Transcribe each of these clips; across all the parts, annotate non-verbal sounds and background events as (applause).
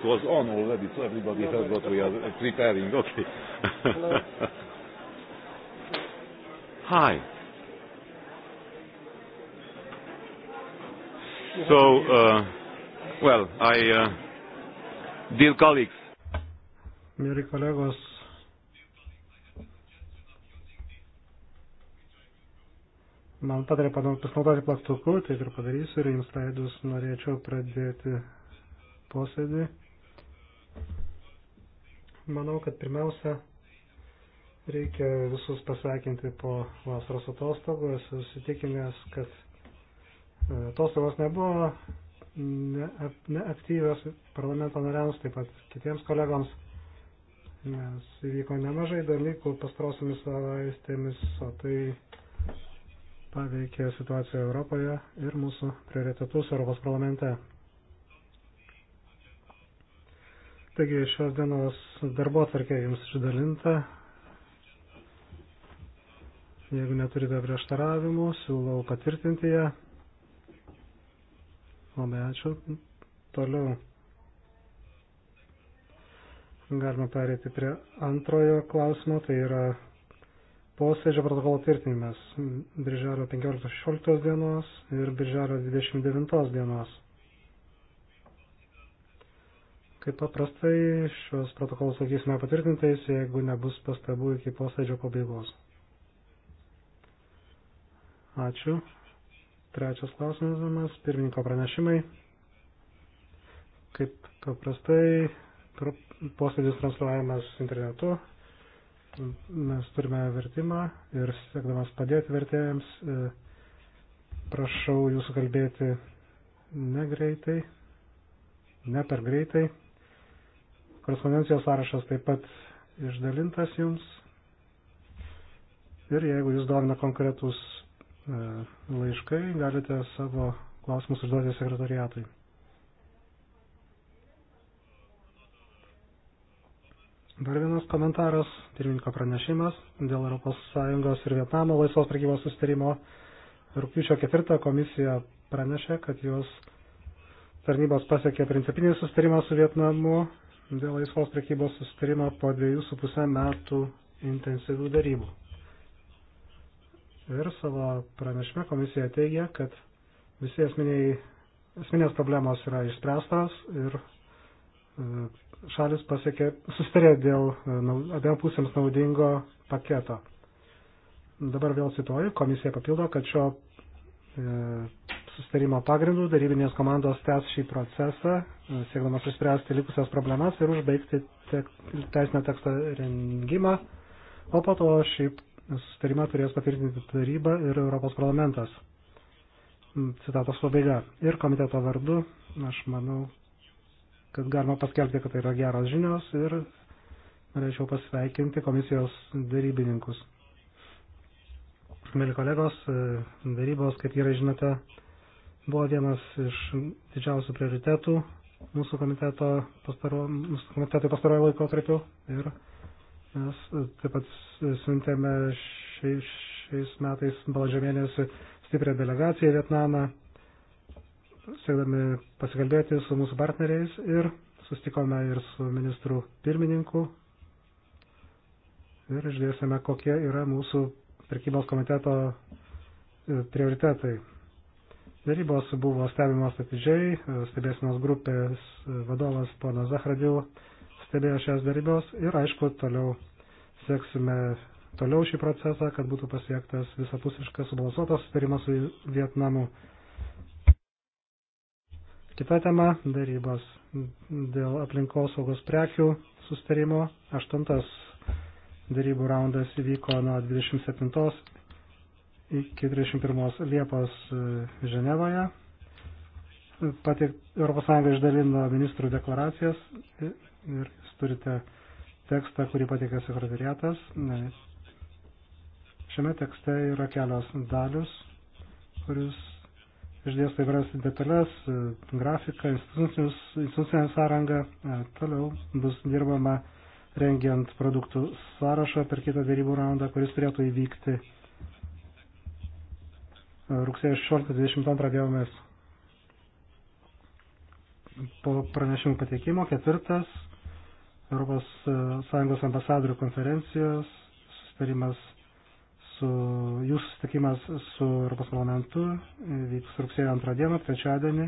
it was on already, so everybody no, heard what we are preparing. Okay. Hello. (laughs) Hi. So, uh, well, I, uh, dear colleagues. Mėly kolegos, man patarė pasinaudoti plaktuku, taip ir padarysiu ir jums leidus norėčiau pradėti posėdį. Manau, kad pirmiausia, reikia visus pasveikinti po vasaros atostogų. Esu sutikinęs, kad e, atostogos nebuvo neaktyvios parlamento nariams, taip pat kitiems kolegoms, nes įvyko nemažai dalykų pastrosiomis savaistėmis, o tai paveikė situaciją Europoje ir mūsų prioritetus Europos parlamente. Taigi šios dienos darbo atvarkė jums išdalinta. Jeigu neturite prieštaravimų, siūlau patvirtinti ją. Labai ačiū. Toliau. Galima perėti prie antrojo klausimo, tai yra posėdžio protokolo tvirtinimas birželio 15-16 dienos ir birželio 29 dienos. Kaip paprastai, šios protokolus laikysime patvirtintais, jeigu nebus pastabų iki posėdžio pabaigos. Ačiū. Trečias klausimas, pirmininko pranešimai. Kaip paprastai, posėdis transliuojamas internetu. Mes turime vertimą ir siekdamas padėti vertėjams, e, prašau jūsų kalbėti negreitai, ne per greitai. Korespondencijos sąrašas taip pat išdalintas jums. Ir jeigu jūs domina konkretus e, laiškai, galite savo klausimus užduoti sekretariatui. Dar vienas komentaras, pirmininko pranešimas dėl ES ir Vietnamo laisvos prekybos sustarimo. Rūpiučio 4 komisija pranešė, kad jos tarnybos pasiekė principinį sustarimą su Vietnamu dėl laisvos prekybos sustarimo po dviejų su pusę metų intensyvių darybų. Ir savo pranešime komisija teigia, kad visi esminiai, esminės problemos yra išspręstos ir e, šalis pasiekė, sustarė dėl e, abiem pusėms naudingo paketo. Dabar vėl cituoju, komisija papildo, kad šio e, sustarimo pagrindų darybinės komandos tęs šį procesą, e, siekdamas išspręsti likusias problemas ir užbaigti tek, teisinio teksto rengimą, o po to šį sustarimą turės patvirtinti taryba ir Europos parlamentas. Mm, citatos pabaiga. Ir komiteto vardu, aš manau, kad galima paskelbti, kad tai yra geros žinios ir norėčiau pasveikinti komisijos darybininkus. Mėly kolegos, e, darybos, kaip gerai žinote, buvo vienas iš didžiausių prioritetų mūsų komiteto pastaro, mūsų komitetai pastarojo laiko tarpiu ir mes taip pat siuntėme šiais, šiais metais balandžio mėnesį stiprią delegaciją į Vietnamą, siekdami pasikalbėti su mūsų partneriais ir sustikome ir su ministru pirmininku ir išdėsime, kokie yra mūsų prekybos komiteto prioritetai. Darybos buvo stebimos atidžiai, stebėsinos grupės vadovas ponas Zahradil stebėjo šias darybos ir aišku toliau seksime toliau šį procesą, kad būtų pasiektas visapusiškas subalansuotas sutarimas su Vietnamu. Kita tema - darybos dėl aplinkos saugos prekių sustarimo. Aštuntas darybų raundas įvyko nuo 27 iki 31 Liepos e, Ženevoje. Patik, ES išdalino ministrų deklaracijas e, ir jūs turite tekstą, kurį patikė sekretariatas. Šiame tekste yra kelios dalius, kuris išdėsto įvairias detalės, e, grafiką, institucinę sąrangą. Toliau bus dirbama rengiant produktų sąrašą per kitą dėrybų raundą, kuris turėtų įvykti rugsėjo 16-22 dienomis po pranešimų pateikimo. Ketvirtas ES e, ambasadorių konferencijos sustarimas su jūsų susitikimas su Europos parlamentu e, vyks rugsėjo 2 dieną, trečiadienį.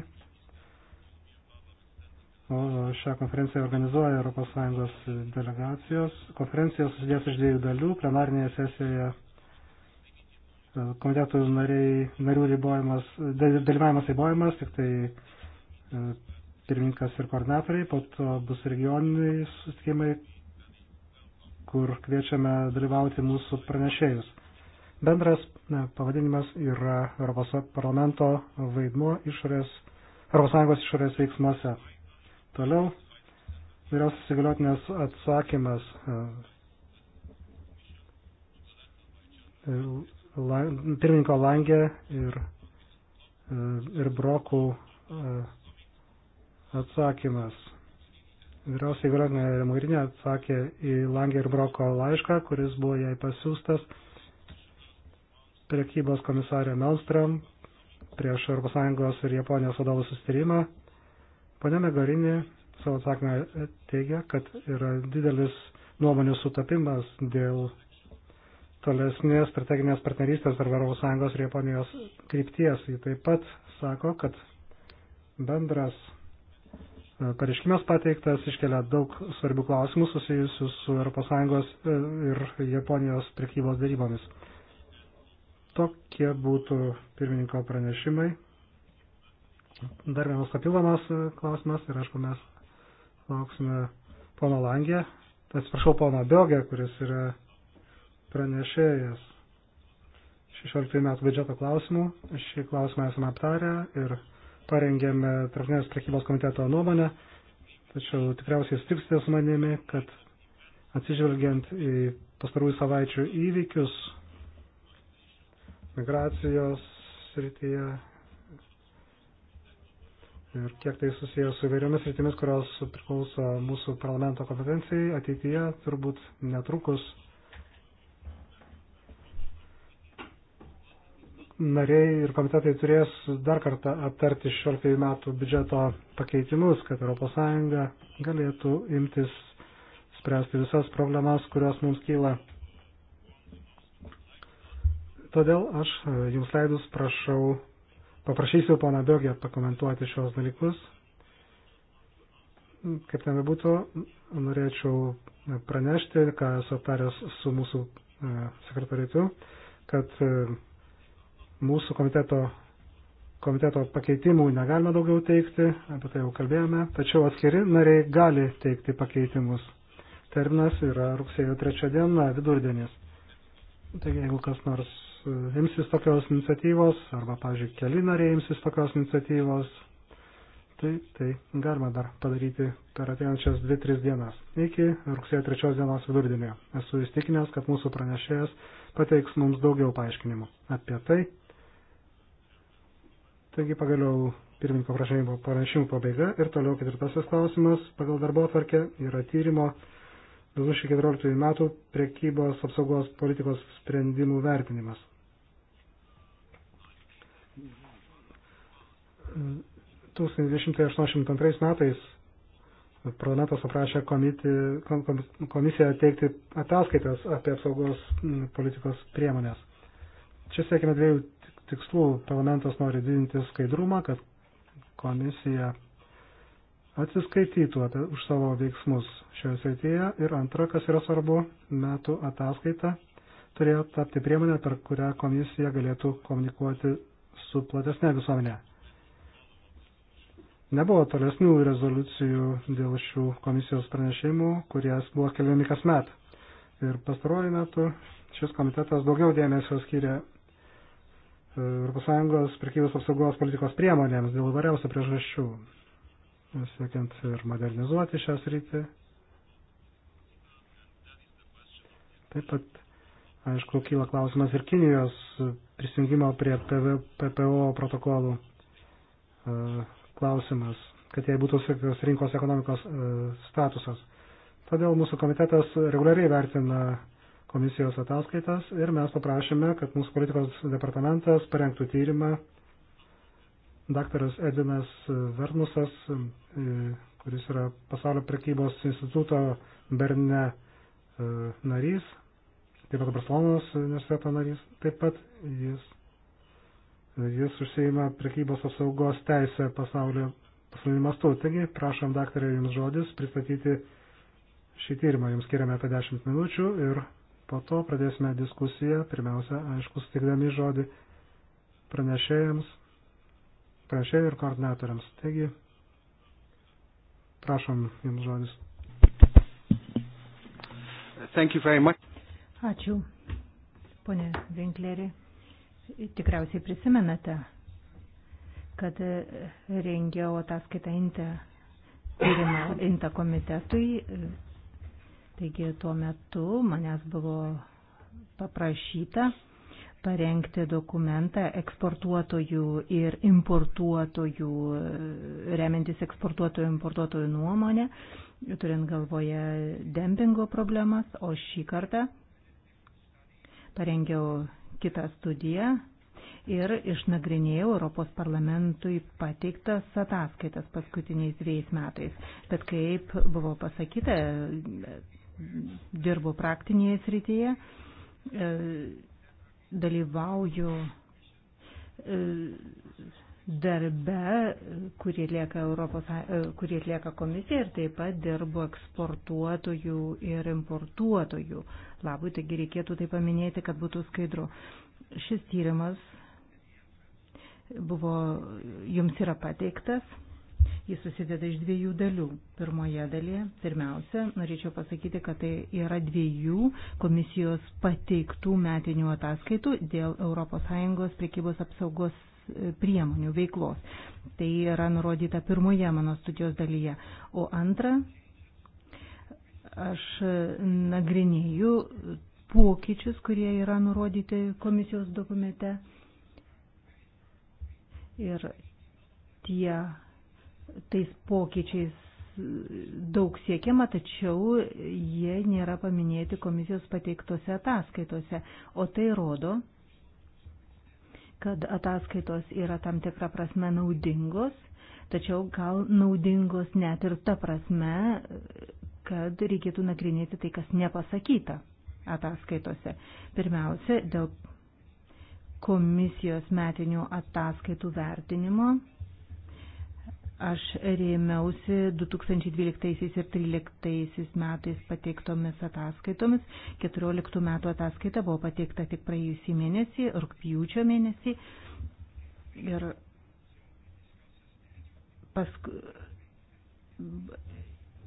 O šią konferenciją organizuoja ES delegacijos. Konferencija susidės iš dviejų dalių. Plenarinėje sesijoje komitetų nariai, narių ribojimas, dalyvavimas ribojimas, tik tai e, pirmininkas ir koordinatoriai, po to bus regioniniai susitikimai, kur kviečiame dalyvauti mūsų pranešėjus. Bendras ne, pavadinimas yra Europos parlamento vaidmuo išorės, Europos Sąjungos išorės veiksmuose. Toliau, vyriausias įgaliotinės atsakymas e, pirmininko Langė ir, e, ir Brokų e, atsakymas. Vyriausiai galiotinė Mogirinė atsakė į Langė ir Broko laišką, kuris buvo jai pasiūstas prekybos komisarė Melstrom prieš ES ir Japonijos vadovų sustirimą. Pane Megarinė savo atsakymę teigia, kad yra didelis nuomonių sutapimas dėl tolesnės strateginės partnerystės tarp Europos Sąjungos ir Japonijos krypties. Ji taip pat sako, kad bendras e, pareiškimas pateiktas iškelia daug svarbių klausimų susijusių su Europos Sąjungos e, ir Japonijos prekybos darybomis. Tokie būtų pirmininko pranešimai. Dar vienas papildomas e, klausimas ir aišku mes lauksime pono Langė, atsiprašau pono Biogė, kuris yra pranešėjas 16 metų biudžeto klausimų. Šį klausimą esame aptarę ir parengėme Tarptautinės prekybos komiteto nuomonę, tačiau tikriausiai sutiksite su manimi, kad atsižvelgiant į pastarųjų savaičių įvykius migracijos srityje ir kiek tai susijęs su įvairiomis sritimis, kurios priklauso mūsų parlamento kompetencijai, ateityje turbūt netrukus nariai ir komitetai turės dar kartą aptarti 16 metų biudžeto pakeitimus, kad ES galėtų imtis spręsti visas problemas, kurios mums kyla. Todėl aš e, jums leidus prašau, paprašysiu pana Biogė pakomentuoti šios dalykus. Kaip ten bebūtų, norėčiau pranešti, ką esu aptaręs su mūsų e, sekretaritu, kad e, mūsų komiteto, komiteto pakeitimų negalima daugiau teikti, apie tai jau kalbėjome, tačiau atskiri nariai gali teikti pakeitimus. Terminas yra rugsėjo 3 diena, vidurdienis. Taigi, jeigu kas nors e, imsis tokios iniciatyvos, arba, pavyzdžiui, keli nariai imsis tokios iniciatyvos, tai, tai galima dar padaryti per ateinančias 2-3 dienas, iki rugsėjo 3 dienos vidurdienio. Esu įstikinęs, kad mūsų pranešėjas pateiks mums daugiau paaiškinimų apie tai, Taigi pagaliau pirmininko prašymo pranešimų pabaiga ir toliau ketvirtasis klausimas pagal darbo atvarkę yra tyrimo 2014 metų prekybos apsaugos politikos sprendimų vertinimas. Mm. 1982 metais parlamentas paprašė komisiją teikti ataskaitas apie apsaugos politikos priemonės. Čia siekime dviejų tikslų. Parlamentas nori didinti skaidrumą, kad komisija atsiskaitytų apie, už savo veiksmus šioje srityje. Ir antra, kas yra svarbu, metų ataskaita turėjo tapti priemonę, per kurią komisija galėtų komunikuoti su platesnė visuomenė. Nebuvo tolesnių rezoliucijų dėl šių komisijos pranešimų, kurie buvo keliami kasmet. Ir pastaruoju metu šis komitetas daugiau dėmesio skiria ES prekybos apsaugos politikos priemonėms dėl variausių priežasčių, siekiant ir modernizuoti šią sritį. Taip pat, aišku, kyla klausimas ir Kinijos prisijungimo prie PPO protokolų e, klausimas, kad jai būtų sėkios rinkos ekonomikos e, statusas. Todėl mūsų komitetas reguliariai vertina komisijos ataskaitas ir mes paprašėme, kad mūsų politikos departamentas parengtų tyrimą. Daktaras Edvinas Vernusas, e, kuris yra pasaulio prekybos instituto Berne e, narys, taip pat Barcelonos universiteto narys, taip pat jis, e, jis užsieima prekybos apsaugos teisę pasaulio pasaulyje mastu. Taigi, prašom daktarė jums žodis pristatyti šį tyrimą. Jums skiriame apie 10 minučių ir Po to pradėsime diskusiją, pirmiausia, aišku, sutikdami žodį pranešėjams, pranešėjų ir koordinatoriams. Taigi, prašom jums žodis. Thank you very much. Ačiū, ponė Vinklerį. Tikriausiai prisimenate, kad rengiau ataskaitą INTA tyrimą INTA komitetui Taigi tuo metu manęs buvo paprašyta parengti dokumentą eksportuotojų ir importuotojų, remiantis eksportuotojų ir importuotojų nuomonę, turint galvoje dempingo problemas, o šį kartą parengiau kitą studiją ir išnagrinėjau Europos parlamentui pateiktas ataskaitas paskutiniais dviejais metais. Bet kaip buvo pasakyta, dirbu praktinėje srityje, e, dalyvauju e, darbe, kurį atlieka, Europos, e, kurį atlieka komisija ir taip pat dirbu eksportuotojų ir importuotojų labui, taigi reikėtų tai paminėti, kad būtų skaidru. Šis tyrimas buvo, jums yra pateiktas Jis susideda iš dviejų dalių. Pirmoje dalyje, pirmiausia, norėčiau pasakyti, kad tai yra dviejų komisijos pateiktų metinių ataskaitų dėl ES priekybos apsaugos e, priemonių veiklos. Tai yra nurodyta pirmoje mano studijos dalyje. O antra, aš nagrinėju pokyčius, kurie yra nurodyti komisijos dokumente. Ir tie tais pokyčiais daug siekiama, tačiau jie nėra paminėti komisijos pateiktose ataskaitose. O tai rodo, kad ataskaitos yra tam tikrą prasme naudingos, tačiau gal naudingos net ir ta prasme, kad reikėtų nagrinėti tai, kas nepasakyta ataskaitose. Pirmiausia, dėl komisijos metinių ataskaitų vertinimo Aš rėmiausi 2012 ir 2013 metais pateiktomis ataskaitomis. 14 metų ataskaita buvo pateikta tik praėjusį mėnesį, rugpjūčio mėnesį. Ir pask...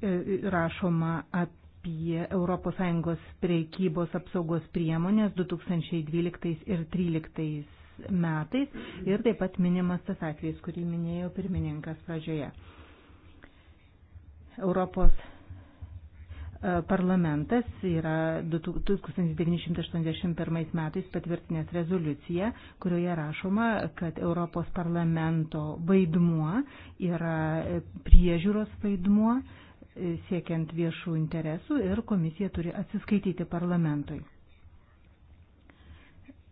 E, rašoma apie ES priekybos apsaugos priemonės 2012 ir 2013 metais ir taip pat minimas tas atvejis, kurį minėjo pirmininkas pradžioje. Europos e, parlamentas yra 1981 metais patvirtinęs rezoliuciją, kurioje rašoma, kad Europos parlamento vaidmuo yra e, priežiūros vaidmuo e, siekiant viešų interesų ir komisija turi atsiskaityti parlamentui.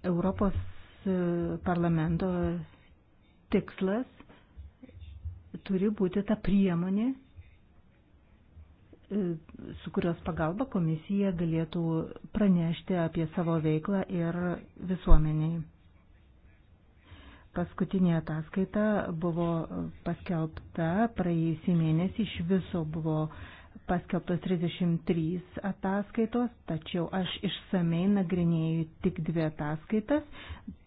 Europos E, parlamento tikslas turi būti ta priemonė, e, su kurios pagalba komisija galėtų pranešti apie savo veiklą ir visuomeniai. Paskutinė ataskaita buvo paskelbta praėjusį mėnesį, iš viso buvo uh, paskelbtos 33 ataskaitos, tačiau aš išsamei nagrinėjau tik dvi ataskaitas.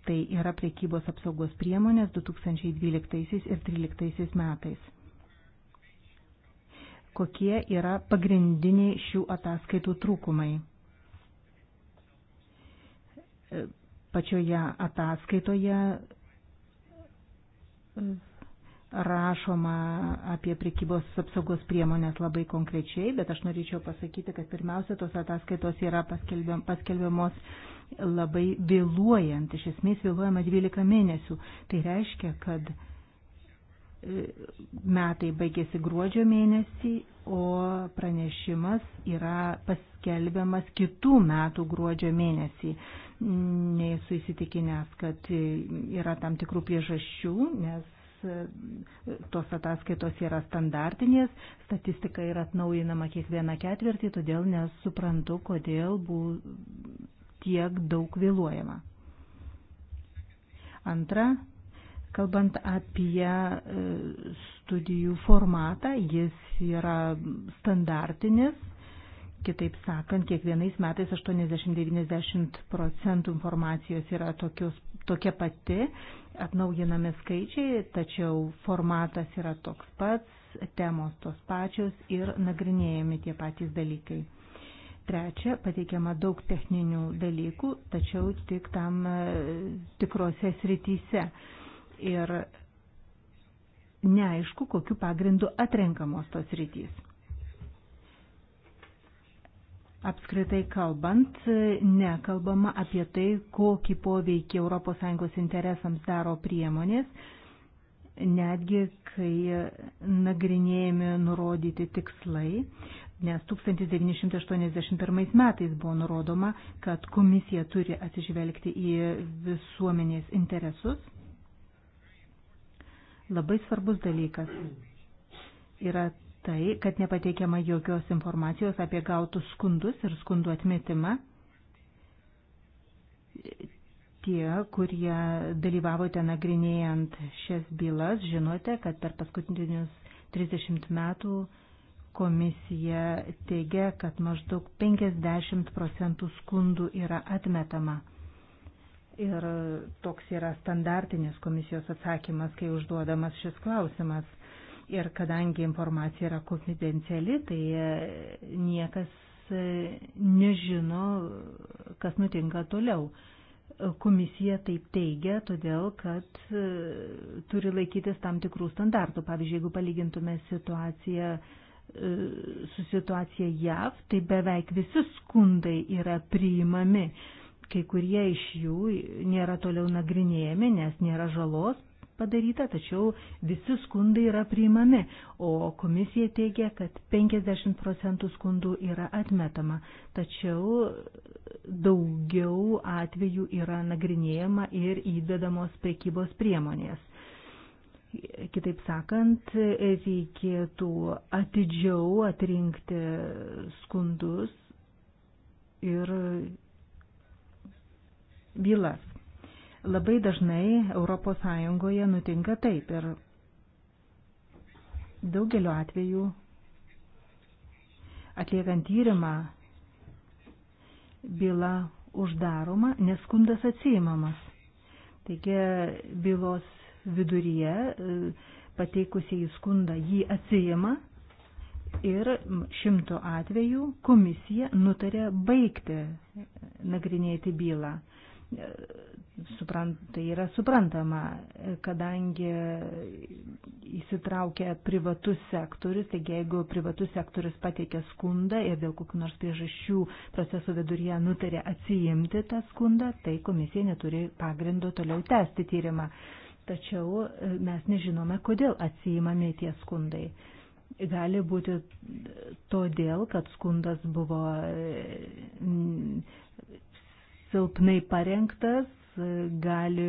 Tai yra priekybos apsaugos priemonės 2012 ir 2013 metais. Kokie yra pagrindiniai šių ataskaitų trūkumai? Pačioje ataskaitoje rašoma apie prekybos apsaugos priemonės labai konkrečiai, bet aš norėčiau pasakyti, kad pirmiausia, tos ataskaitos yra paskelbiamos labai vėluojant, iš esmės vėluojama 12 mėnesių. Tai reiškia, kad e, metai baigėsi gruodžio mėnesį, o pranešimas yra paskelbiamas kitų metų gruodžio mėnesį. Nesu įsitikinęs, kad yra tam tikrų priežasčių, nes tos ataskaitos yra standartinės, statistika yra atnaujinama kiekvieną ketvirtį, todėl nesuprantu, kodėl buvo tiek daug vėluojama. Antra, kalbant apie e, studijų formatą, jis yra standartinis Kitaip sakant, kiekvienais metais 80-90 procentų informacijos yra tokios, tokia pati, atnaujinami skaičiai, tačiau formatas yra toks pats, temos tos pačios ir nagrinėjami tie patys dalykai. Trečia, pateikiama daug techninių dalykų, tačiau tik tam e, tikrose srityse. Ir neaišku, kokiu pagrindu atrenkamos tos rytys. Apskritai kalbant, nekalbama apie tai, kokį poveikį ES interesams daro priemonės, netgi kai nagrinėjami nurodyti tikslai, nes 1981 metais buvo nurodoma, kad komisija turi atsižvelgti į visuomenės interesus. Labai svarbus dalykas yra tai, kad nepateikiama jokios informacijos apie gautus skundus ir skundų atmetimą. Tie, kurie dalyvavote nagrinėjant šias bylas, žinote, kad per paskutinius 30 metų komisija teigia, kad maždaug 50 procentų skundų yra atmetama. Ir toks yra standartinis komisijos atsakymas, kai užduodamas šis klausimas. Ir kadangi informacija yra konfidenciali, tai e, niekas e, nežino, kas nutinka toliau. E, komisija taip teigia, todėl kad turi laikytis tam tikrų standartų. Pavyzdžiui, jeigu palygintume situaciją su situacija JAV, tai beveik visi skundai yra priimami. Kai kurie iš jų nėra toliau nagrinėjami, nes nėra žalos, padaryta, tačiau visi skundai yra priimami, o komisija teigia, kad 50 procentų skundų yra atmetama, tačiau daugiau atvejų yra nagrinėjama ir įdedamos prekybos priemonės. Kitaip sakant, reikėtų atidžiau atrinkti skundus ir bylas. Labai dažnai ES nutinka taip ir daugeliu atveju atliekant tyrimą byla uždaroma, nes skundas atsiimamas. Taigi bylos viduryje e, pateikusiai skundą jį atsijima ir šimto atveju komisija nutarė baigti nagrinėti bylą. E, suprant, tai yra suprantama, kadangi įsitraukia privatus sektorius, taigi jeigu privatus sektorius pateikia skundą ir dėl kokių nors priežasčių proceso viduryje nutarė atsijimti tą skundą, tai komisija neturi pagrindo toliau tęsti tyrimą. Tačiau e, mes nežinome, kodėl atsijimami tie skundai. Gali būti todėl, kad skundas buvo e, silpnai parengtas, gali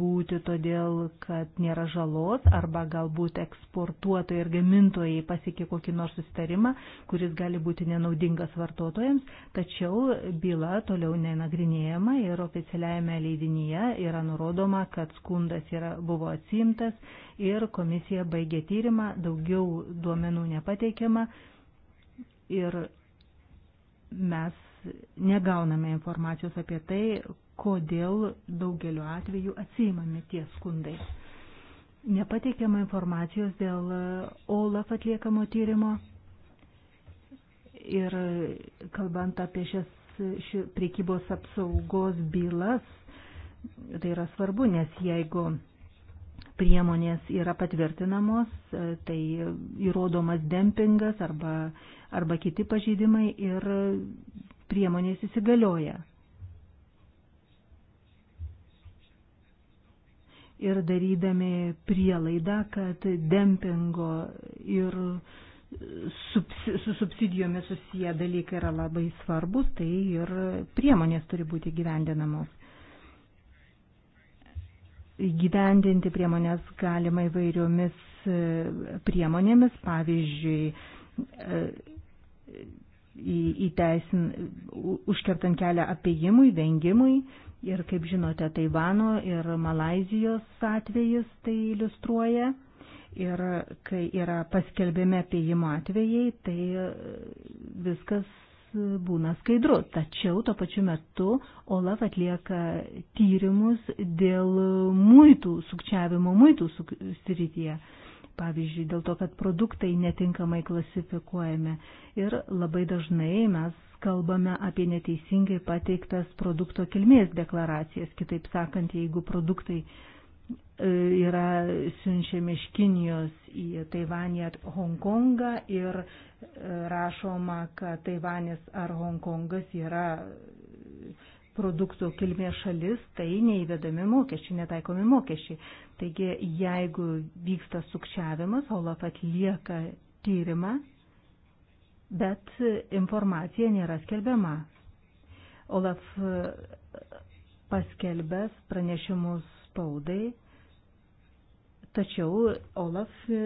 būti todėl, kad nėra žalos arba galbūt eksportuotojai ir gamintojai pasiekė kokį nors sustarimą, kuris gali būti nenaudingas vartotojams, tačiau byla toliau nenagrinėjama ir oficialiajame leidinyje yra nurodoma, kad skundas yra, buvo atsimtas ir komisija baigė tyrimą, daugiau duomenų nepateikiama ir mes negauname informacijos apie tai, kodėl daugeliu atveju atsiimami tie skundai. Nepateikiama informacijos dėl OLAF atliekamo tyrimo ir kalbant apie šias ši, priekybos apsaugos bylas, tai yra svarbu, nes jeigu priemonės yra patvirtinamos, tai įrodomas dempingas arba, arba kiti pažydimai ir priemonės įsigalioja. ir darydami prielaidą, kad dempingo ir su subsidijomis susiję dalykai yra labai svarbus, tai ir priemonės turi būti gyvendinamos. Gyvendinti priemonės galima įvairiomis e, priemonėmis, pavyzdžiui, e, įteisin, užkertant kelią apiejimui, vengimui, Ir kaip žinote, Taivano ir Malazijos atvejis tai iliustruoja. Ir kai yra paskelbėme apėjimo atvejai, tai viskas būna skaidru. Tačiau tuo pačiu metu OLAF atlieka tyrimus dėl muitų, sukčiavimo muitų srityje. Pavyzdžiui, dėl to, kad produktai netinkamai klasifikuojami. Ir labai dažnai mes kalbame apie neteisingai pateiktas produkto kilmės deklaracijas. Kitaip sakant, jeigu produktai e, yra siunčiami iš Kinijos į Taivanį ar Hongkongą ir e, rašoma, kad Taivanis ar Hongkongas yra produktų kilmės šalis, tai neįvedami mokesčiai, netaikomi mokesčiai. Taigi, jeigu vyksta sukčiavimas, OLAF atlieka tyrimą bet informacija nėra skelbiama. Olaf e, paskelbęs pranešimus spaudai, tačiau Olaf e,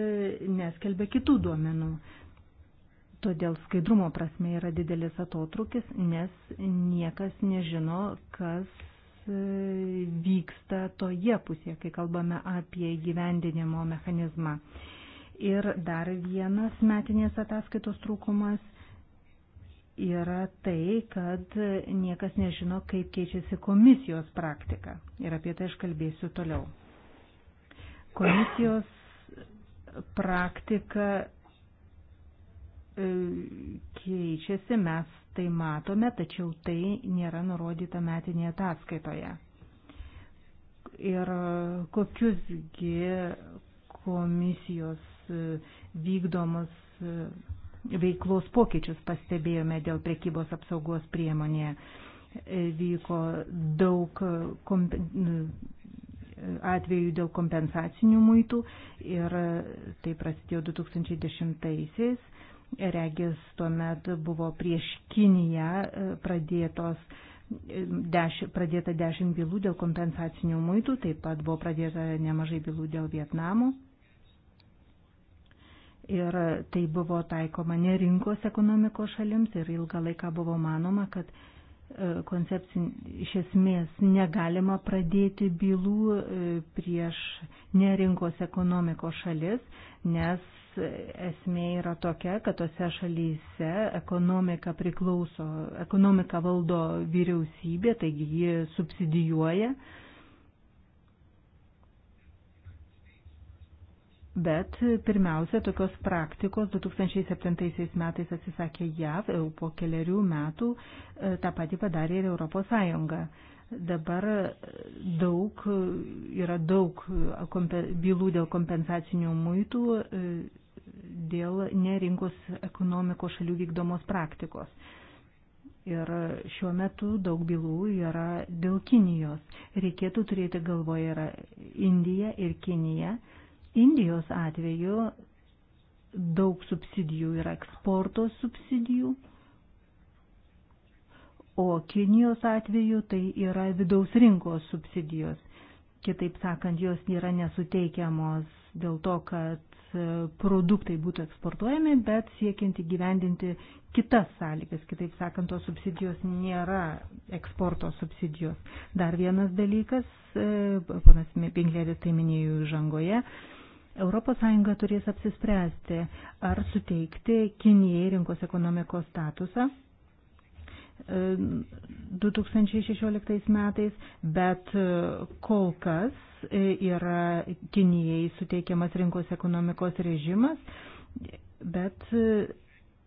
neskelbė kitų duomenų. Todėl skaidrumo prasme yra didelis atotrukis, nes niekas nežino, kas e, vyksta toje pusėje, kai kalbame apie gyvendinimo mechanizmą. Ir dar vienas metinės ataskaitos trūkumas yra tai, kad niekas nežino, kaip keičiasi komisijos praktika. Ir apie tai aš kalbėsiu toliau. Komisijos praktika e, keičiasi, mes tai matome, tačiau tai nėra nurodyta metinėje ataskaitoje. Ir kokiusgi komisijos E, vykdomus e, veiklos pokyčius pastebėjome dėl prekybos apsaugos priemonėje. E, vyko daug atvejų dėl kompensacinių muitų ir tai prasidėjo 2010-aisiais. Regis tuomet buvo prieš Kiniją pradėtos deš, pradėta 10 bylų dėl kompensacinių muitų, taip pat buvo pradėta nemažai bylų dėl Vietnamo Ir tai buvo taikoma ne rinkos ekonomikos šalims ir ilgą laiką buvo manoma, kad e, koncepcijų iš esmės negalima pradėti bylų e, prieš nerinkos ekonomikos šalis, nes e, esmė yra tokia, kad tose šalyse ekonomika priklauso, ekonomika valdo vyriausybė, taigi ji subsidijuoja uh, Bet pirmiausia, tokios praktikos 2007 metais atsisakė JAV, jau po keliarių metų e, tą patį padarė ir Europos Sąjunga. Dabar e, daug, e, yra daug bylų dėl kompensacinių muitų, dėl nerinkos ekonomikos šalių vykdomos praktikos. Ir šiuo metu daug bylų yra dėl Kinijos. Reikėtų turėti galvoje yra Indija ir Kinija. Indijos atveju daug subsidijų yra eksporto subsidijų, o Kinijos atveju tai yra vidaus rinkos subsidijos. Kitaip sakant, jos yra nesuteikiamos dėl to, kad e, produktai būtų eksportuojami, bet siekiant įgyvendinti kitas sąlygas. Kitaip sakant, tos subsidijos nėra eksporto subsidijos. Dar vienas dalykas, e, panas Pinklėdis tai minėjo įžangoje, ES turės apsispręsti, ar suteikti Kinijai rinkos ekonomikos statusą 2016 e, metais, bet e, kol kas e, yra Kinijai suteikiamas rinkos ekonomikos režimas, bet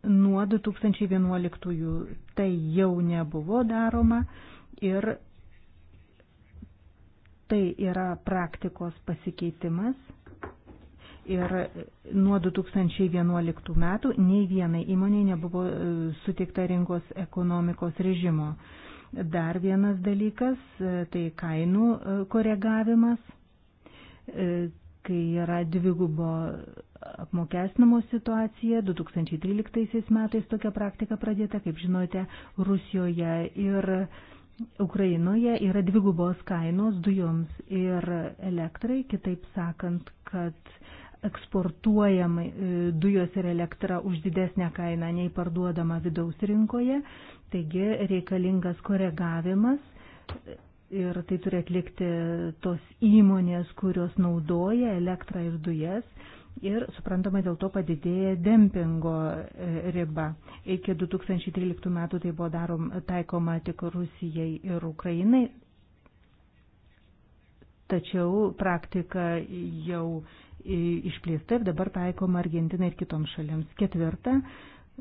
nuo 2011 tai jau nebuvo daroma ir tai yra praktikos pasikeitimas Ir nuo 2011 metų nei vienai įmoniai nebuvo e, suteikta rinkos ekonomikos režimo. Dar vienas dalykas e, - tai kainų e, koregavimas, kai yra dvigubo apmokestinimo situacija. 2013 metais tokia praktika pradėta, kaip žinote, Rusijoje ir Ukrainoje yra dvigubos kainos dujoms ir elektrai, kitaip sakant, kad eksportuojama e, dujos ir elektra už didesnę kainą nei parduodama vidaus rinkoje, taigi reikalingas koregavimas e, ir tai turi atlikti tos įmonės, kurios naudoja elektrą ir dujas. Ir suprantama, dėl to padidėja dempingo e, riba. Iki 2013 metų tai buvo darom, taikoma tik Rusijai ir Ukrainai, tačiau praktika jau išplėsta ir dabar taikoma Argentina ir kitoms šalims. Ketvirta,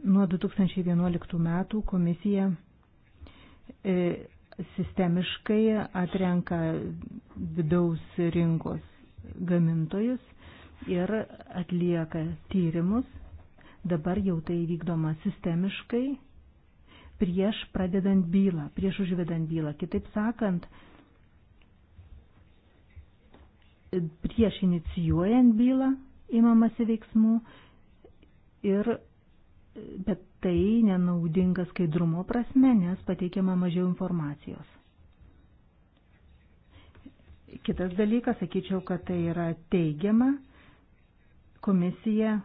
nuo 2011 metų komisija e, sistemiškai atrenka vidaus rinkos gamintojus ir atlieka tyrimus. Dabar jau tai vykdoma sistemiškai prieš pradedant bylą, prieš užvedant bylą. Kitaip sakant, prieš inicijuojant bylą imamasi veiksmų ir bet tai nenaudinga skaidrumo prasme, nes pateikiama mažiau informacijos. Kitas dalykas, sakyčiau, kad tai yra teigiama. Komisija,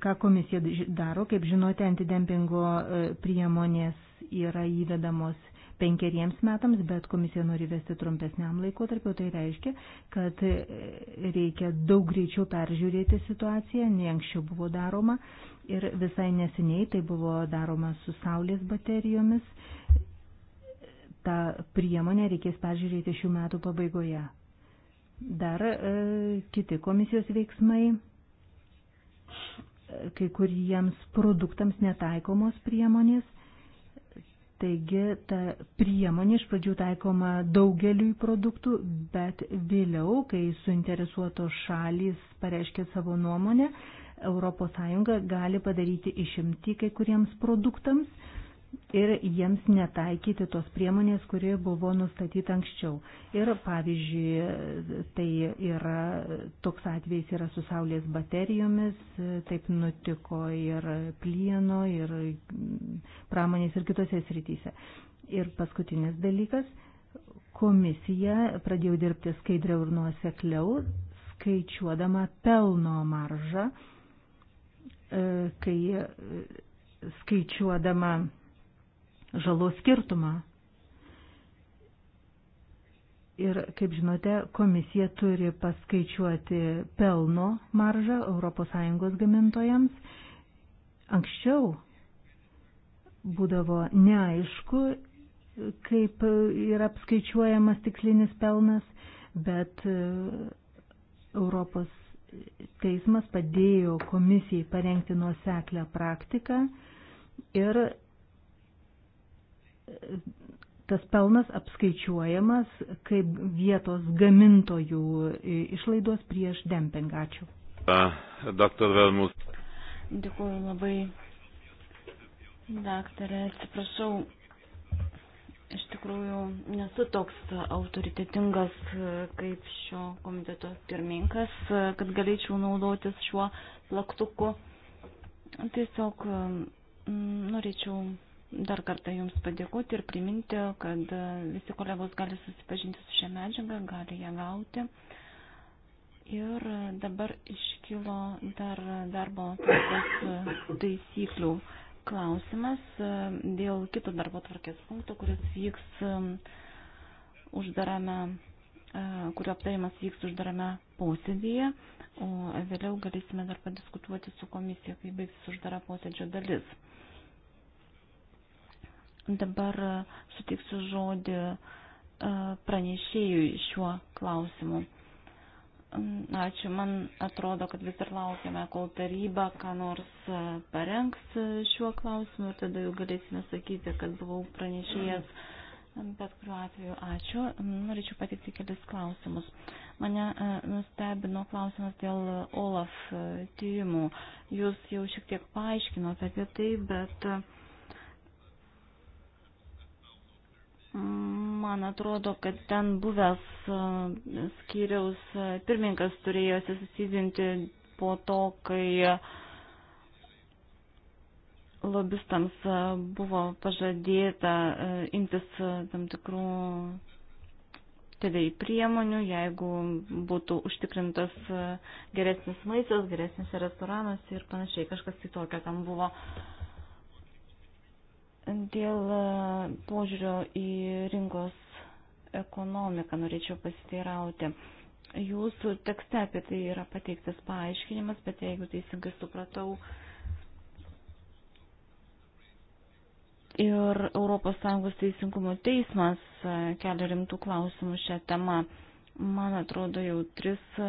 ką komisija daro, kaip žinote, antidempingo e, priemonės yra įvedamos penkeriems metams, bet komisija nori vesti trumpesniam laikotarpiu, tai reiškia, kad e, reikia daug greičiau peržiūrėti situaciją, nei anksčiau buvo daroma ir visai neseniai tai buvo daroma su saulės baterijomis. Ta priemonė reikės peržiūrėti šių metų pabaigoje. Dar e, kiti komisijos veiksmai e, kai kuriems produktams netaikomos priemonės, Taigi ta priemonė iš pradžių taikoma daugeliui produktų, bet vėliau, kai suinteresuotos šalys pareiškia savo nuomonę, ES gali padaryti išimti kai kuriems produktams ir jiems netaikyti tos priemonės, kuri buvo nustatyta anksčiau. Ir pavyzdžiui, tai yra toks atvejis yra su saulės baterijomis, taip nutiko ir plieno, ir pramonės ir kitose srityse. Ir paskutinis dalykas, komisija pradėjo dirbti skaidriau ir nuosekliau, skaičiuodama pelno maržą, e, kai e, skaičiuodama žalos skirtumą. Ir, kaip žinote, komisija turi paskaičiuoti pelno maržą ES gamintojams. Anksčiau būdavo neaišku, kaip yra apskaičiuojamas tikslinis pelnas, bet e, Europos teismas padėjo komisijai parengti nuoseklę praktiką ir tas pelnas apskaičiuojamas kaip vietos gamintojų išlaidos prieš dempingą. Ačiū. Dr. Velmus. Dėkuoju labai. Daktarė, atsiprašau, iš tikrųjų nesu toks autoritetingas e, kaip šio komiteto pirmininkas, e, kad galėčiau naudotis šiuo plaktuku. Tiesiog e, norėčiau dar kartą Jums padėkoti ir priminti, kad visi kolegos gali susipažinti su šią medžiagą, gali ją gauti. Ir dabar iškilo dar darbo tvarkos taisyklių klausimas dėl kito darbo tvarkės punkto, kuris vyks um, uždarame, e, kurio aptarimas vyks uždarame posėdėje, o vėliau galėsime dar padiskutuoti su komisija, kai baigs uždara posėdžio dalis. Dabar e, sutiksiu žodį e, pranešėjui šiuo klausimu. Ačiū, man atrodo, kad vis dar laukiame, kol taryba ką nors e, parengs šiuo klausimu ir tada jau galėsime sakyti, kad buvau pranešėjęs. Bet kuriuo atveju ačiū. Norėčiau patikti kelis klausimus. Mane nustebino klausimas dėl OLAF tyrimų. Jūs jau šiek tiek paaiškinote apie tai, bet. Uh, Man atrodo, kad ten buvęs e, skyriaus e, pirmininkas turėjo susizinti po to, kai lobistams e, buvo pažadėta imtis tam tikrų tėvėjų priemonių, jeigu būtų užtikrintas geresnis maistas, geresnis restoranas ir panašiai. Kažkas į tai tokią tam buvo. Uh, Dėl e, požiūrio į rinkos ekonomiką norėčiau pasiteirauti. Jūsų tekste apie tai yra pateiktas paaiškinimas, bet jeigu teisingai supratau, ir ES teisingumo teismas e, kelia rimtų klausimų šią temą. Man atrodo, jau tris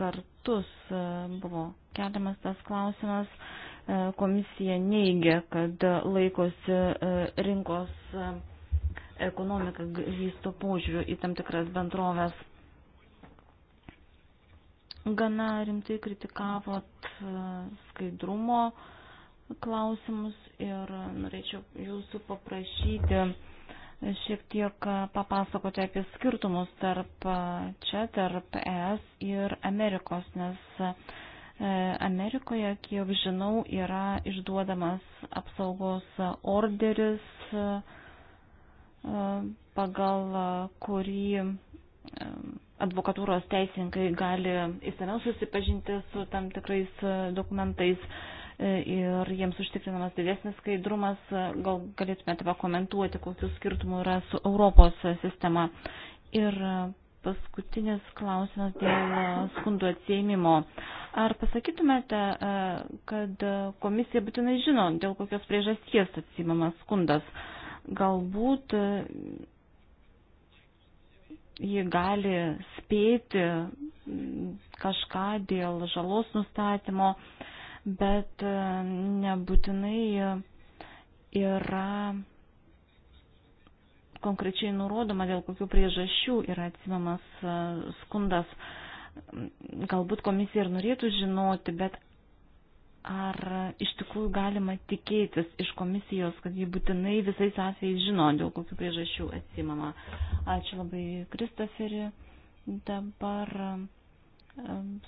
kartus e, buvo keliamas tas klausimas E, komisija neigia, kad laikosi e, rinkos e, ekonomika vysto požiūrių į tam tikras bendrovės. Gana rimtai kritikavot skaidrumo klausimus ir norėčiau jūsų paprašyti šiek tiek papasakoti apie skirtumus tarp čia, tarp ES ir Amerikos, nes E, Amerikoje, kiek žinau, yra išduodamas apsaugos orderis, e, pagal kurį e, advokatūros teisininkai gali įsamiau susipažinti su tam tikrais dokumentais ir jiems užtikrinamas didesnis skaidrumas. Gal galėtumėte pakomentuoti, kokius skirtumų yra su Europos sistema. Ir paskutinis klausimas dėl e, skundų atsėmimo. Ar pasakytumėte, e, kad komisija būtinai žino, dėl kokios priežasties atsimamas skundas? Galbūt e, ji gali spėti kažką dėl žalos nustatymo, bet nebūtinai yra konkrečiai nurodoma, dėl kokių priežasčių yra atsimamas e, skundas. Galbūt komisija ir norėtų žinoti, bet ar iš tikrųjų galima tikėtis iš komisijos, kad ji būtinai visais atvejais žino, dėl kokių priežasčių atsimama. Ačiū labai, Kristoferi. Dabar e,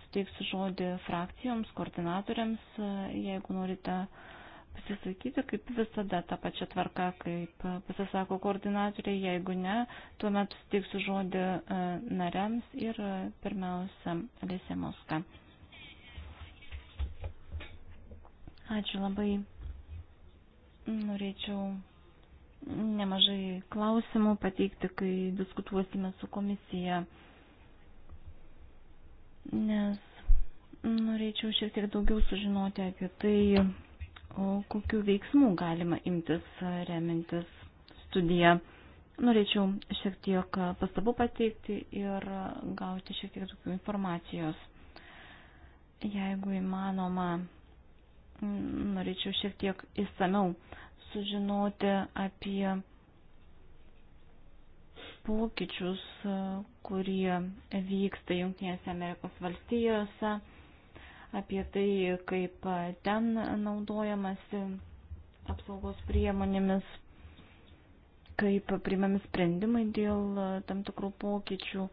suteiksiu žodį frakcijoms, koordinatoriams, e, jeigu norite pasisakyti kaip visada tą pačią tvarką, kaip pasisako koordinatoriai, jeigu ne, tuomet suteiksiu žodį e, nariams ir e, pirmiausia Lėsė Moska. Ačiū labai. Norėčiau nemažai klausimų pateikti, kai diskutuosime su komisija, nes norėčiau šiek tiek daugiau sužinoti apie tai, O kokiu veiksmu galima imtis remintis studiją? Norėčiau šiek tiek pastabų pateikti ir gauti šiek tiek tokių informacijos. Jeigu įmanoma, norėčiau šiek tiek įsameu sužinoti apie pokyčius, kurie vyksta Junktinėse Amerikos valstijose apie tai, kaip ten naudojamasi apsaugos priemonėmis, kaip priimami sprendimai dėl tam tikrų pokyčių.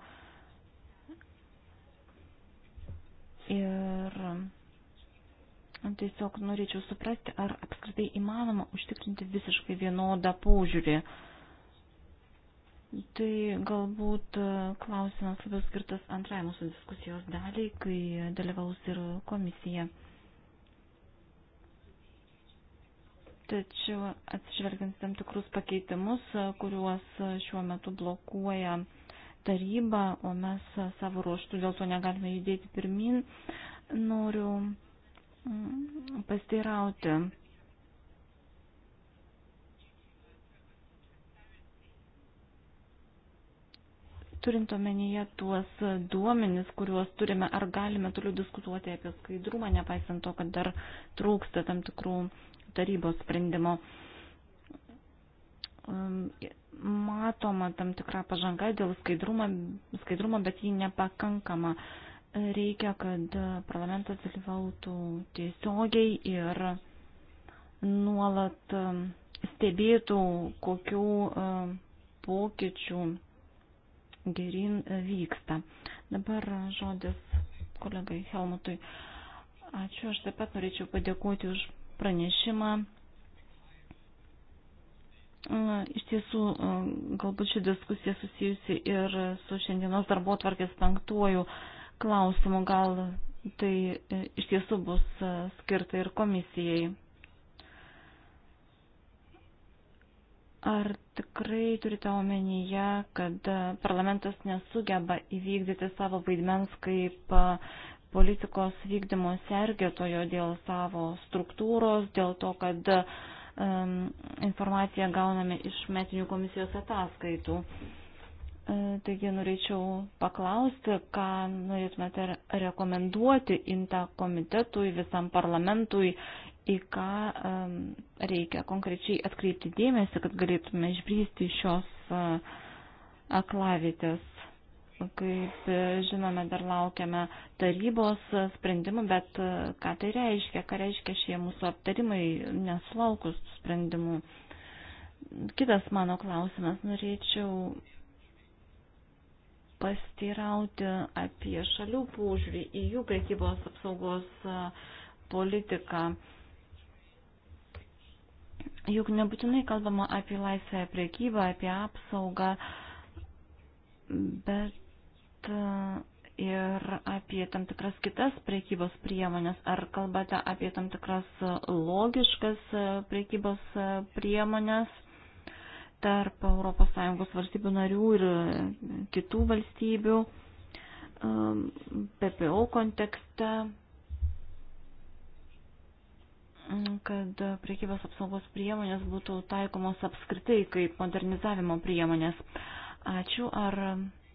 Ir tiesiog norėčiau suprasti, ar apskritai įmanoma užtikrinti visiškai vienodą požiūrį. Uh, Tai galbūt e, klausimas labiau skirtas antrai mūsų diskusijos daliai, kai dalyvaus ir komisija. Tačiau atsižvelgiant tam tikrus pakeitimus, e, kuriuos e, šiuo metu blokuoja taryba, o mes savo ruoštų dėl to negalime judėti pirmin, noriu mm, pasteirauti turint omenyje tuos duomenis, kuriuos turime, ar galime toliau diskutuoti apie skaidrumą, nepaisant to, kad dar trūksta tam tikrų tarybos sprendimo. Ehm, matoma tam tikra pažanga dėl skaidrumo, skaidrumo bet ji nepakankama. Reikia, kad parlamentas dalyvautų tiesiogiai ir nuolat ehm, stebėtų, kokių ehm, pokyčių gerin vyksta. Dabar žodis kolegai Helmutui. Ačiū, aš taip pat norėčiau padėkoti už pranešimą. Na, iš tiesų, galbūt ši diskusija susijusi ir su šiandienos darbo tvarkės penktuoju klausimu, gal tai e, iš tiesų bus e, skirta ir komisijai Ar tikrai turite omenyje, kad parlamentas nesugeba įvykdyti savo vaidmens kaip politikos vykdymo sergėtojo dėl savo struktūros, dėl to, kad um, informaciją gauname iš metinių komisijos ataskaitų? E, taigi norėčiau paklausti, ką norėtumėte rekomenduoti INTA komitetui, visam parlamentui į ką um, reikia konkrečiai atkreipti dėmesį, kad galėtume išbrysti šios uh, e, aklavitės. Kaip e, žinome, dar laukiame tarybos sprendimų, bet e, ką tai reiškia, ką reiškia šie mūsų aptarimai nesulaukus sprendimų. Kitas mano klausimas, norėčiau pastirauti apie šalių požiūrį į jų prekybos apsaugos politiką. Uh, Juk nebūtinai kalbama apie laisvę priekybą, apie apsaugą, bet e, ir apie tam tikras kitas priekybos priemonės. Ar kalbate apie tam tikras logiškas e, priekybos e, priemonės tarp ES valstybių narių ir kitų valstybių PPO kontekste? kad priekybos apsaugos priemonės būtų taikomos apskritai kaip modernizavimo priemonės. Ačiū. Ar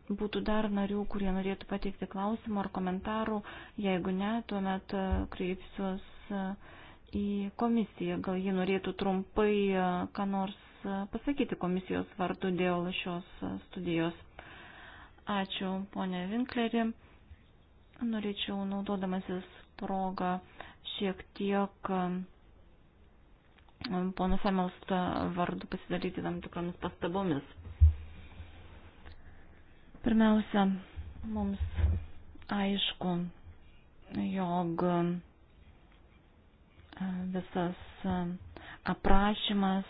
būtų dar narių, kurie norėtų pateikti klausimų ar komentarų? Jeigu ne, tuomet kreipsiuos į komisiją. Gal ji norėtų trumpai ką nors pasakyti komisijos vardu dėl šios studijos. Ačiū, ponė Vinkleri. Norėčiau naudodamasis progą šiek tiek um, pono Femels uh, vardu pasidalyti tam tikromis pastabomis. Pirmiausia, mums aišku, jog uh, visas uh, aprašymas,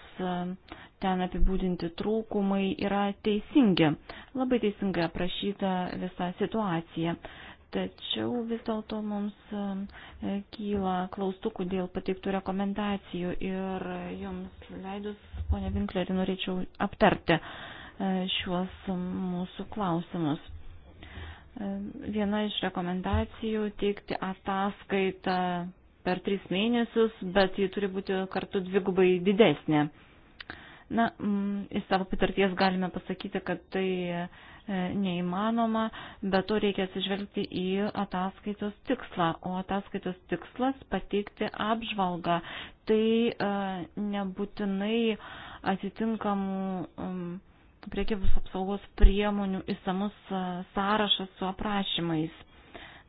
ten apibūdinti trūkumai yra teisingi. Labai teisingai aprašyta visa situacija. Tačiau vis dėlto mums e, kyla klaustukų dėl pateiktų rekomendacijų ir jums leidus, ponia Vinklerį, norėčiau aptarti e, šiuos mūsų klausimus. E, viena iš rekomendacijų teikti ataskaitą per tris mėnesius, bet ji turi būti kartu dvigubai didesnė. Na, mm, iš savo patirties galime pasakyti, kad tai e, neįmanoma, bet to reikia atsižvelgti į ataskaitos tikslą, o ataskaitos tikslas pateikti apžvalgą. Tai e, nebūtinai atitinkamų priekybos apsaugos priemonių įsamus e, sąrašas su aprašymais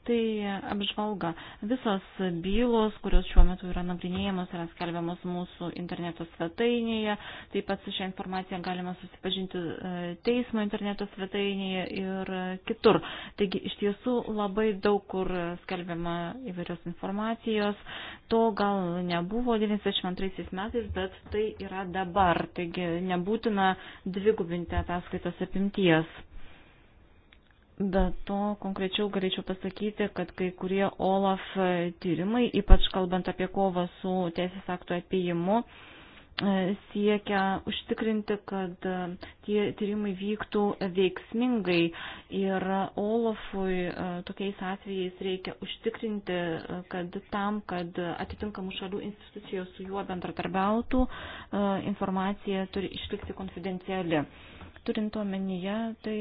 tai apžvalga. Visos bylos, kurios šiuo metu yra nagrinėjamos, yra skelbiamos mūsų interneto svetainėje. Taip pat su šią informaciją galima susipažinti e, teismo interneto svetainėje ir kitur. Taigi iš tiesų labai daug kur skelbiama įvairios informacijos. To gal nebuvo 92 metais, bet tai yra dabar. Taigi nebūtina dvigubinti ataskaitos apimties. Be to, konkrečiau galėčiau pasakyti, kad kai kurie OLAF tyrimai, ypač kalbant apie kovą su teisės aktų apėjimu, e, siekia užtikrinti, kad e, tie tyrimai vyktų veiksmingai ir OLAFui e, tokiais atvejais reikia užtikrinti, kad tam, kad atitinkamų šalių institucijos su juo bendratarbiautų, informacija turi išlikti konfidenciali turint omenyje tai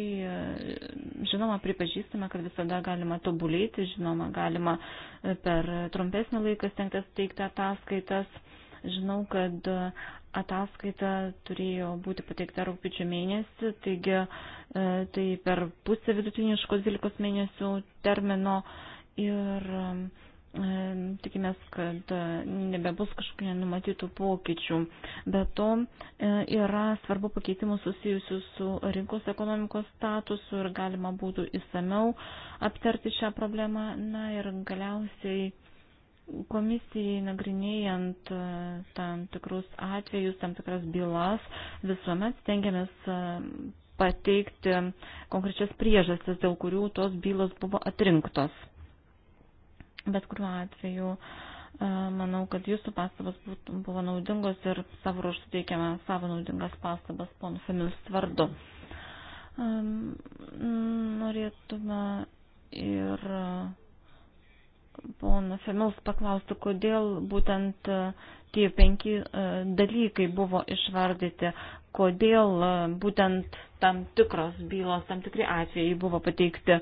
Žinoma, pripažįstame, kad visada galima tobulėti, žinoma, galima e, per trumpesnį laiką stengtis teikti ataskaitas. Žinau, kad e, ataskaita turėjo būti pateikta rūpiučio mėnesį, taigi e, tai per pusę vidutiniško 12 mėnesių termino ir tikimės, kad e, nebebus kažkokių nenumatytų pokyčių. Be to e, yra svarbu pakeitimų susijusių su rinkos ekonomikos statusu ir galima būtų įsameu aptarti šią problemą. Na ir galiausiai komisijai nagrinėjant e, tam tikrus atvejus, tam tikras bylas, visuomet stengiamės pateikti konkrečias priežastis, dėl kurių tos bylos buvo atrinktos. Bet kuriuo atveju, e, manau, kad jūsų pastabas buvo naudingos ir savo ruoštų teikiame savo naudingas pastabas ponų feminist vardu. Norėtume ir e, pono Femils paklausti, kodėl būtent e, tie penki dalykai buvo išvardyti, kodėl būtent tam tikros bylos, tam tikri atvejai buvo pateikti.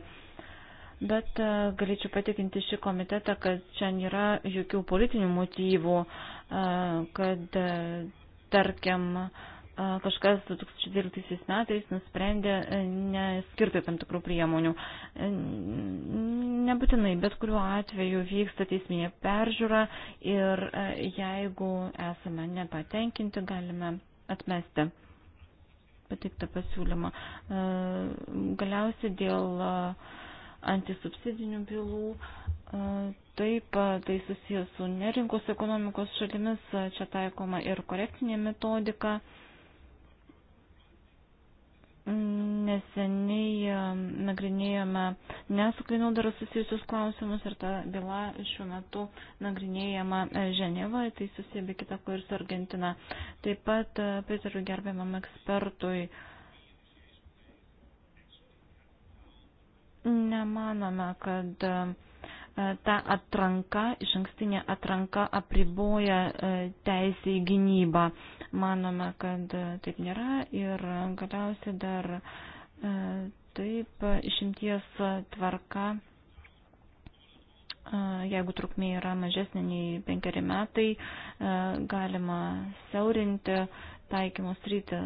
Bet e, galėčiau patikinti šį komitetą, kad čia nėra jokių politinių motyvų, e, kad, e, tarkim, kažkas 2012 metais nusprendė neskirti tam tikrų priemonių. Nebūtinai, bet kuriuo atveju vyksta teisminė peržiūra ir jeigu esame nepatenkinti, galime atmesti pateiktą pasiūlymą. Galiausiai dėl antisubsidinių bylų. E, taip, e, tai susijęs su nerinkos ekonomikos šalimis, e, čia taikoma ir korekcinė metodika. Neseniai nagrinėjome nesukainodaros susijusius klausimus ir ta byla šiuo metu nagrinėjama Ženevoje, tai susiję be kitako ir su Argentina. Taip pat pritariu gerbiamam ekspertui Nemanome, kad e, ta atranka, iš ankstinė atranka apriboja e, teisę į gynybą. Manome, kad e, taip nėra ir galiausiai dar taip išimties tvarka, jeigu trukmė yra mažesnė nei penkeri metai, galima siaurinti taikymus rytį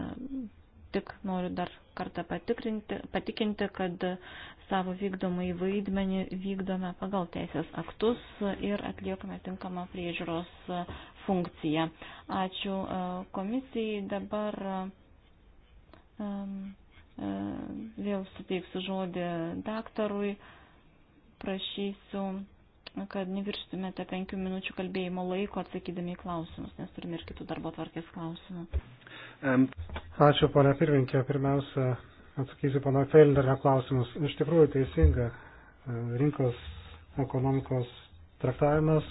tik noriu dar kartą patikrinti, patikinti, kad savo vykdomąjį vaidmenį vykdome pagal teisės aktus ir atliekame tinkamą priežiūros funkciją. Ačiū e, komisijai. Dabar e, e, vėl suteiksiu žodį daktarui. Prašysiu kad neviršytumėte penkių minučių kalbėjimo laiko atsakydami į klausimus, nes turime ir kitų darbo tvarkės klausimų. Ačiū, ponia pirminkė. Pirmiausia, Atsakysiu pana Felderio klausimus. Iš tikrųjų teisinga. E, rinkos ekonomikos traktavimas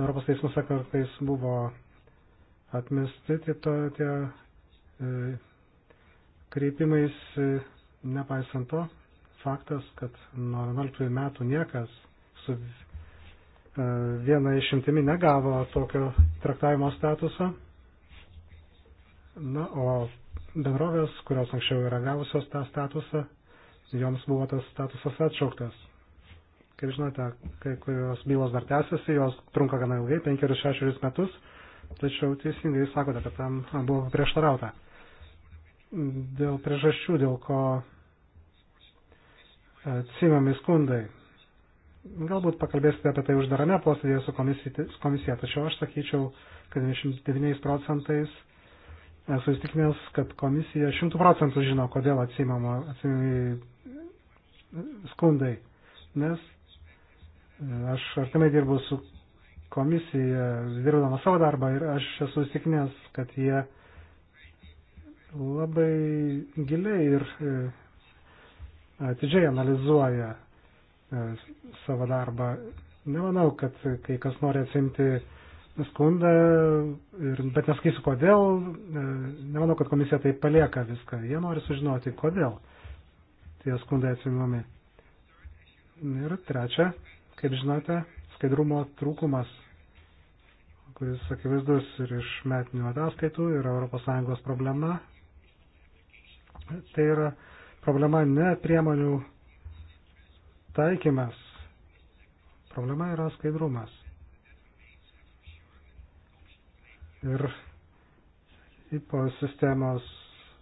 Europos teismuose kartais buvo atmesti tie, tie e, kreipimais, e, nepaisant to, faktas, kad nuo 11 metų niekas su e, viena išimtimi negavo tokio traktavimo statuso. Na, o bendrovės, kurios anksčiau yra gavusios tą statusą, joms buvo tas statusas atšauktas. Kaip žinote, kai kurios bylos dar tęsiasi, jos trunka gana ilgai, penkerius šešerius metus, tačiau teisingai sakote, kad tam buvo prieštarauta. Dėl priežasčių, dėl ko atsimami e, skundai. Galbūt pakalbėsite apie tai uždarame posėdėje su komisija, tačiau aš sakyčiau, kad 99 procentais esu įstikinęs, kad komisija šimtų procentų žino, kodėl atsimama skundai, nes e, aš artimai dirbu su komisija, dirbdama savo darbą ir aš esu įstikinęs, kad jie labai giliai ir e, atidžiai analizuoja e, savo darbą. Nemanau, kad kai kas nori atsimti skundą, ir, bet nesakysiu kodėl, e, nemanau, kad komisija tai palieka viską. Jie nori sužinoti, kodėl tie skundai atsimami. Ir trečia, kaip žinote, skaidrumo trūkumas, kuris akivaizdus ir iš metinių ataskaitų, yra ES problema. Tai yra problema ne priemonių taikymas, problema yra skaidrumas. ir IPO sistemos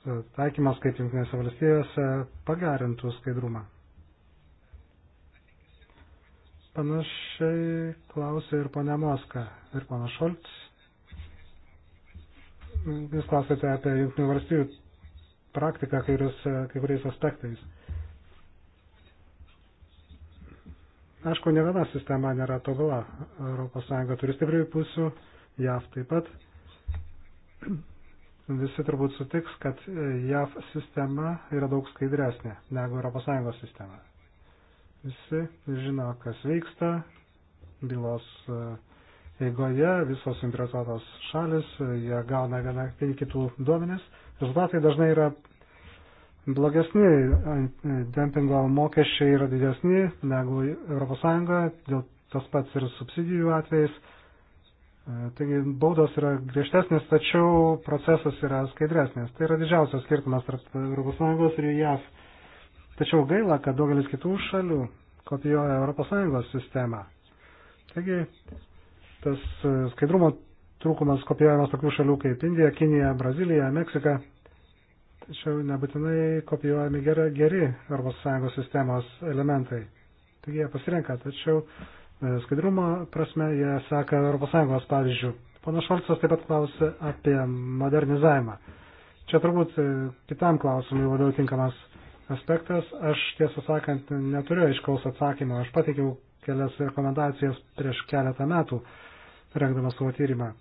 e, taikymas kaip Junktinėse valstijose pagerintų skaidrumą. Panašiai klausė ir ponia Moska ir pana Šolc. Jūs klausėte apie Junktinių valstijų praktiką e, kai kuriais aspektais. Aišku, ne viena sistema nėra tobula. ES turi stiprių pusių, JAV taip pat visi turbūt sutiks, kad e, JAV sistema yra daug skaidresnė negu ES sistema. Visi žino, kas vyksta, bylos e, eigoje, visos interesuotos šalis, e, jie gauna vieną ir kitų duomenis. Rezultatai dažnai yra blogesni, dempingo mokesčiai yra didesni negu ES, dėl tas pats ir subsidijų atvejais E, taigi baudos yra griežtesnės, tačiau procesas yra skaidresnės. Tai yra didžiausias skirtumas tarp ES ir JAV. Tačiau gaila, kad daugelis kitų šalių kopijuoja ES sistemą. Taigi tas e, skaidrumo trūkumas kopijuojamas tokių šalių kaip Indija, Kinija, Brazilija, Meksika. Tačiau nebūtinai kopijuojami geri, geri ES sistemos elementai. Taigi jie pasirenka, tačiau E, skaidrumo prasme, jie seka ES pavyzdžių. Pana Šolcas taip pat klausė apie modernizavimą. Čia turbūt e, kitam klausimui labiau tinkamas aspektas. Aš tiesą sakant neturiu aiškaus atsakymo. Aš pateikiau kelias rekomendacijas prieš keletą metų, rengdamas savo tyrimą. E,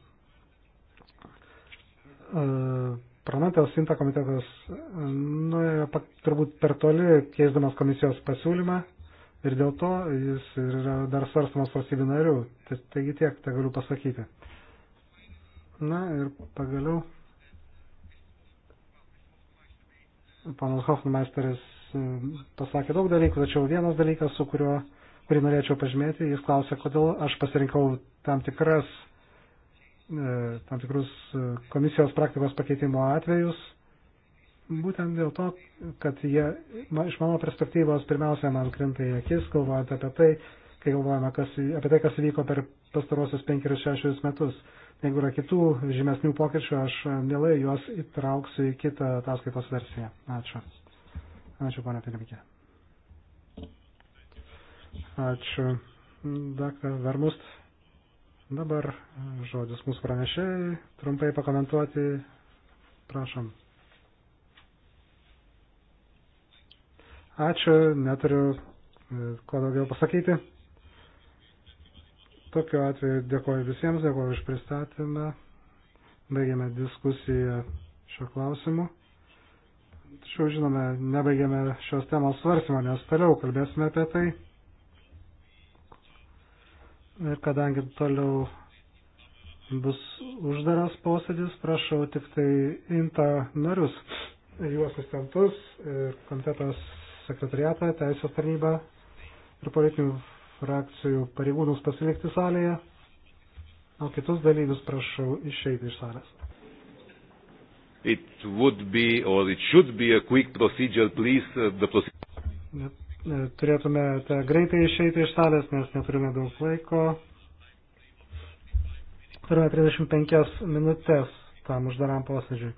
parlamentas Sinta komitetas nuėjo turbūt per toli, keisdamas komisijos pasiūlymą ir dėl to jis yra dar svarstamas valstybių narių. Tai taigi tiek, tą galiu pasakyti. Na ir pagaliau, panas Hofmeisteris e, pasakė daug dalykų, tačiau vienas dalykas, su kuriuo, kurį norėčiau pažymėti, jis klausė, kodėl aš pasirinkau tam tikras e, tam tikrus e, komisijos praktikos pakeitimo atvejus Būtent dėl to, kad jie, iš mano perspektyvos, pirmiausia, man krinta į akis, galvojant apie tai, kai galvojame kas, apie tai, kas vyko per pastarosius penkerius šešius metus. Jeigu yra kitų žymesnių pokyčių, aš mielai juos įtrauksiu į kitą ataskaitos versiją. Ačiū. Ačiū, ponia pirmininkė. Ačiū, daktar Vermust. Dabar žodis mūsų pranešėjai. Trumpai pakomentuoti, prašom. Ačiū, neturiu e, ko daugiau pasakyti. Tokiu atveju dėkoju visiems, dėkoju už pristatymą. Baigėme diskusiją šio klausimu. Tačiau, žinome, nebaigėme šios temos svarstymą, nes toliau kalbėsime apie tai. Ir kadangi toliau bus uždaras posėdis, prašau tik tai inta narius, juos asistentus ir komitetas sekretariatą, teisės tarnybą ir politinių frakcijų pareigūnus pasilikti salėje, o kitus dalyvius prašau išeiti iš salės. It would be or it should be a quick procedure, please. Uh, the procedure. Turėtume greitai išeiti iš salės, nes neturime daug laiko. Turime 35 minutės tam uždaram posėdžiui.